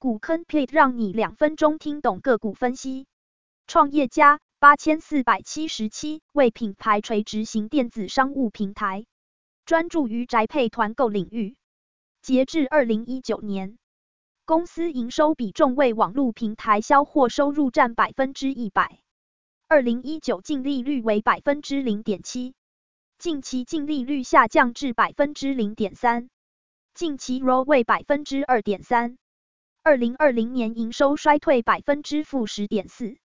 股坑 pit 讓你兩分鐘聽懂個股分析。創業家八千四百七十七為品牌垂直型電子商務平台，專注於宅配團購領域。截至二零一九年，公司營收比重為網絡平台銷貨收入占百分之一百。二零一九淨利率為百分之零點七，近期淨利率下降至百分之零點三，近期 ROE 為百分之二點三。二零二零年營收衰退百分之負十點四，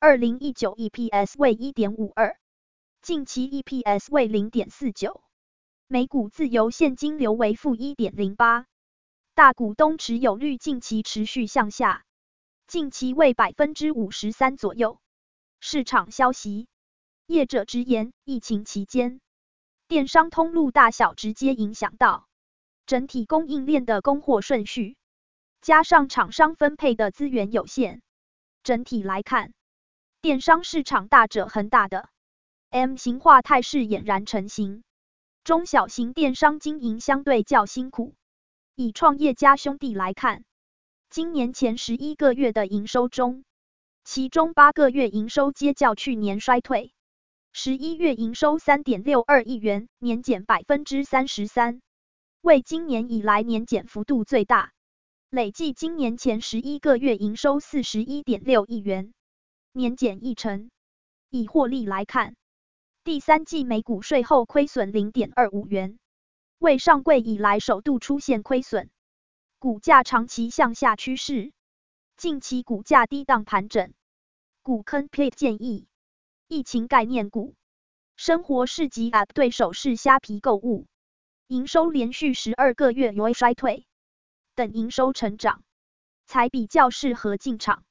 二零一九 EPS 為一點五二，近期 EPS 為零點四九，每股自由現金流為負一點零八，大股東持有率近期持續向下，近期為百分之五十三左右。市場消息，業者直言，疫情期間，電商通路大小直接影響到整體供應鏈的供貨順序。加上廠商分配的資源有限，整體來看，電商市場大者恆大的 M 型化態勢儼然成型。中小型電商經營相對較辛苦。以創業家兄弟來看，今年前十一個月的營收中，其中八個月營收皆較去年衰退，十一月營收三點六二億元，年減百分之三十三，為今年以來年減幅度最大。累計今年前十一個月營收四十一點六億元，年減一成。以獲利來看，第三季每股稅後虧損零點二五元，為上櫃以來首度出現虧損。股價長期向下趨勢，近期股價低檔盤整。股坑 Pit 建議，疫情概念股，生活市集 APP 對手是蝦皮購物，營收連續十二個月有衰退。等營收成長，才比較適合進場。